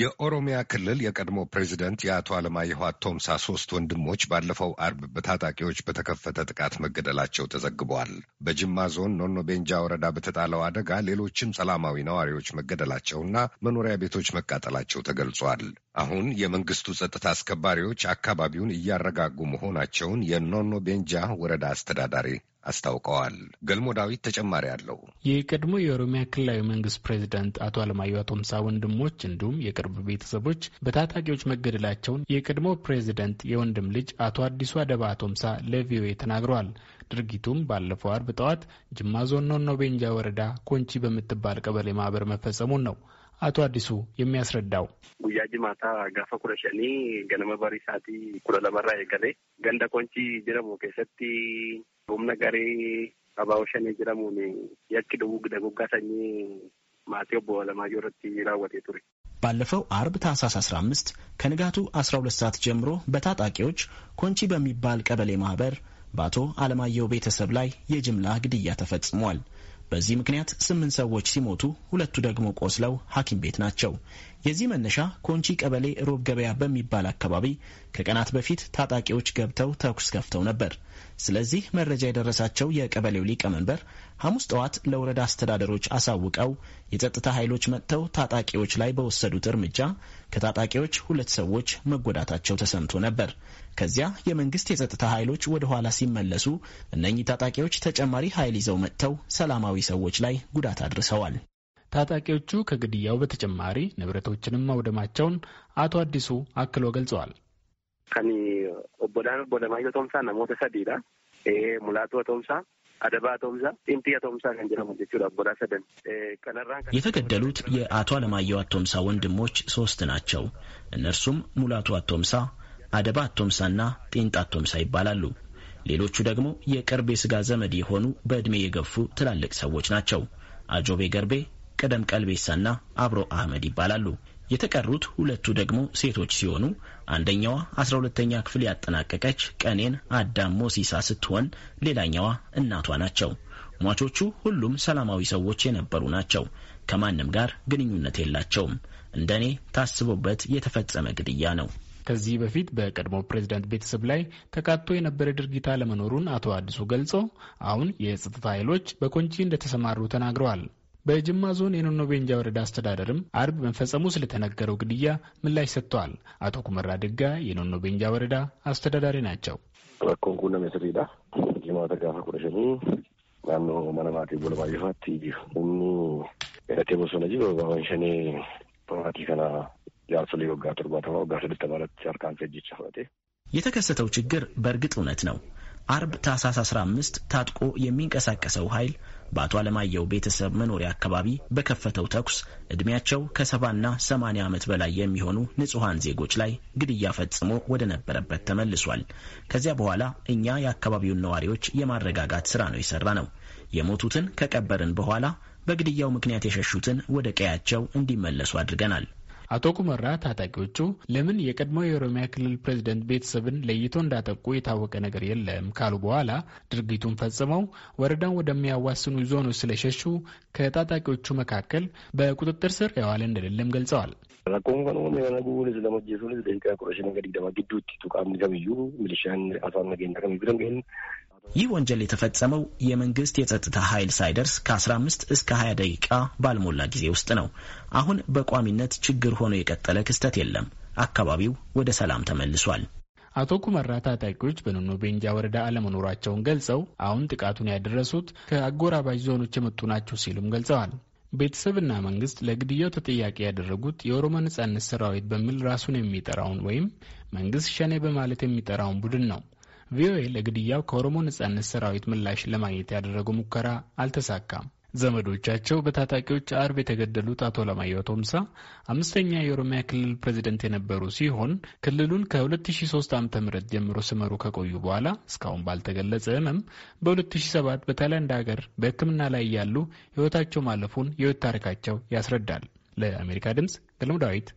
የኦሮሚያ ክልል የቀድሞ ፕሬዚደንት የአቶ አለማየሁ አቶምሳ ሶስት ወንድሞች ባለፈው አርብ በታጣቂዎች በተከፈተ ጥቃት መገደላቸው ተዘግበዋል። በጅማ ዞን ኖኖ ቤንጃ ወረዳ በተጣለው አደጋ ሌሎችም ሰላማዊ ነዋሪዎች መገደላቸውና መኖሪያ ቤቶች መቃጠላቸው ተገልጿል። አሁን የመንግስቱ ጸጥታ አስከባሪዎች አካባቢውን እያረጋጉ መሆናቸውን የኖኖ ቤንጃ ወረዳ አስተዳዳሪ አስታውቀዋል። ገልሞ ዳዊት ተጨማሪ አለው። የቀድሞ የኦሮሚያ ክልላዊ መንግስት ፕሬዚዳንት አቶ አለማየሁ አቶምሳ ወንድሞች እንዲሁም የቅርብ ቤተሰቦች በታጣቂዎች መገደላቸውን የቀድሞ ፕሬዚዳንት የወንድም ልጅ አቶ አዲሱ አደባ አቶምሳ ለቪኦኤ ተናግረዋል። ድርጊቱም ባለፈው አርብ ጠዋት ጅማ ዞን ኖኖ ቤንጃ ወረዳ ኮንቺ በምትባል ቀበሌ ማህበር መፈጸሙን ነው አቶ አዲሱ የሚያስረዳው። ጉያጅ ማታ ጋፈ ኩረሸኒ ገነመ በሪ ኩረለመራ የገሌ ገንደ ኮንቺ ጀረሞ ከሰቲ humna garee abaa shanii jedhamuun yakki dawuu dagoggaa sanyii maatii obbo Alamaayyoo irratti raawwatee ture. ባለፈው አርብ ታህሳስ 15 ከንጋቱ 12 ሰዓት ጀምሮ በታጣቂዎች ኮንቺ በሚባል ቀበሌ ማህበር በአቶ አለማየሁ ቤተሰብ ላይ የጅምላ ግድያ ተፈጽሟል። በዚህ ምክንያት ስምንት ሰዎች ሲሞቱ ሁለቱ ደግሞ ቆስለው ሐኪም ቤት ናቸው። የዚህ መነሻ ኮንቺ ቀበሌ ሮብ ገበያ በሚባል አካባቢ ከቀናት በፊት ታጣቂዎች ገብተው ተኩስ ከፍተው ነበር። ስለዚህ መረጃ የደረሳቸው የቀበሌው ሊቀመንበር ሐሙስ ጠዋት ለወረዳ አስተዳደሮች አሳውቀው የጸጥታ ኃይሎች መጥተው ታጣቂዎች ላይ በወሰዱት እርምጃ ከታጣቂዎች ሁለት ሰዎች መጎዳታቸው ተሰምቶ ነበር። ከዚያ የመንግስት የጸጥታ ኃይሎች ወደ ኋላ ሲመለሱ እነኚህ ታጣቂዎች ተጨማሪ ኃይል ይዘው መጥተው ሰላማዊ ሰዎች ላይ ጉዳት አድርሰዋል። ታጣቂዎቹ ከግድያው በተጨማሪ ንብረቶችንም ማውደማቸውን አቶ አዲሱ አክሎ ገልጸዋል። ከኒ ኦቦዳን ኦቦለማዩ ቶምሳ ናሞተ ሰዲዳ ይሄ ሙላቱ ቶምሳ አደባ ቶምሳ ጢንቲ ቶምሳ የተገደሉት የአቶ አለማየሁ አቶምሳ ወንድሞች ሶስት ናቸው። እነርሱም ሙላቱ አቶምሳ፣ አደባ አቶምሳና ጤንጣ አቶምሳ ይባላሉ። ሌሎቹ ደግሞ የቅርብ የስጋ ዘመድ የሆኑ በዕድሜ የገፉ ትላልቅ ሰዎች ናቸው። አጆቤ ገርቤ ቀደም ቀልቤሳና አብሮ አህመድ ይባላሉ። የተቀሩት ሁለቱ ደግሞ ሴቶች ሲሆኑ አንደኛዋ አስራ ሁለተኛ ክፍል ያጠናቀቀች ቀኔን አዳም ሞሲሳ ስትሆን ሌላኛዋ እናቷ ናቸው። ሟቾቹ ሁሉም ሰላማዊ ሰዎች የነበሩ ናቸው። ከማንም ጋር ግንኙነት የላቸውም። እንደ እኔ ታስቦበት የተፈጸመ ግድያ ነው። ከዚህ በፊት በቀድሞ ፕሬዚዳንት ቤተሰብ ላይ ተካቶ የነበረ ድርጊት አለመኖሩን አቶ አዲሱ ገልጾ አሁን የጸጥታ ኃይሎች በኮንጂ እንደተሰማሩ ተናግረዋል። በጅማ ዞን የኖኖ ቤንጃ ወረዳ አስተዳደርም አርብ መፈጸሙ ስለተነገረው ግድያ ምላሽ ሰጥተዋል። አቶ ኩመራ ድጋ የኖኖ ቤንጃ ወረዳ አስተዳዳሪ ናቸው። ጅማ መነማቴ ኤረቴ በባንሸኔ ከና ወጋ ማለት የተከሰተው ችግር በእርግጥ እውነት ነው። አርብ ታህሳስ 15 ታጥቆ የሚንቀሳቀሰው ኃይል በአቶ አለማየሁ ቤተሰብ መኖሪያ አካባቢ በከፈተው ተኩስ ዕድሜያቸው ከሰባና ሰማኒያ ዓመት በላይ የሚሆኑ ንጹሐን ዜጎች ላይ ግድያ ፈጽሞ ወደ ነበረበት ተመልሷል። ከዚያ በኋላ እኛ የአካባቢውን ነዋሪዎች የማረጋጋት ሥራ ነው የሠራ ነው። የሞቱትን ከቀበርን በኋላ በግድያው ምክንያት የሸሹትን ወደ ቀያቸው እንዲመለሱ አድርገናል። አቶ ኩመራ ታጣቂዎቹ ለምን የቀድሞ የኦሮሚያ ክልል ፕሬዚደንት ቤተሰብን ለይቶ እንዳጠቁ የታወቀ ነገር የለም ካሉ በኋላ ድርጊቱን ፈጽመው ወረዳን ወደሚያዋስኑ ዞኖች ስለሸሹ ከታጣቂዎቹ መካከል በቁጥጥር ስር የዋለ እንደሌለም ገልጸዋል። ይህ ወንጀል የተፈጸመው የመንግስት የጸጥታ ኃይል ሳይደርስ ከ15 እስከ 20 ደቂቃ ባልሞላ ጊዜ ውስጥ ነው። አሁን በቋሚነት ችግር ሆኖ የቀጠለ ክስተት የለም። አካባቢው ወደ ሰላም ተመልሷል። አቶ ኩመራ ታጣቂዎች በኖኖ ቤንጃ ወረዳ አለመኖራቸውን ገልጸው አሁን ጥቃቱን ያደረሱት ከአጎራባች ዞኖች የመጡ ናቸው ሲሉም ገልጸዋል። ቤተሰብና መንግስት ለግድያው ተጠያቂ ያደረጉት የኦሮሞ ነጻነት ሰራዊት በሚል ራሱን የሚጠራውን ወይም መንግስት ሸኔ በማለት የሚጠራውን ቡድን ነው። ቪኦኤ ለግድያው ከኦሮሞ ነጻነት ሰራዊት ምላሽ ለማግኘት ያደረገው ሙከራ አልተሳካም። ዘመዶቻቸው በታጣቂዎች አርብ የተገደሉት አቶ ለማየሁ ቶምሳ አምስተኛ የኦሮሚያ ክልል ፕሬዚደንት የነበሩ ሲሆን ክልሉን ከ2003 ዓ.ም ጀምሮ ስመሩ ከቆዩ በኋላ እስካሁን ባልተገለጸ ህመም በ2007 በታይላንድ ሀገር በሕክምና ላይ ያሉ ሕይወታቸው ማለፉን የሕይወት ታሪካቸው ያስረዳል። ለአሜሪካ ድምፅ ገለሙ ዳዊት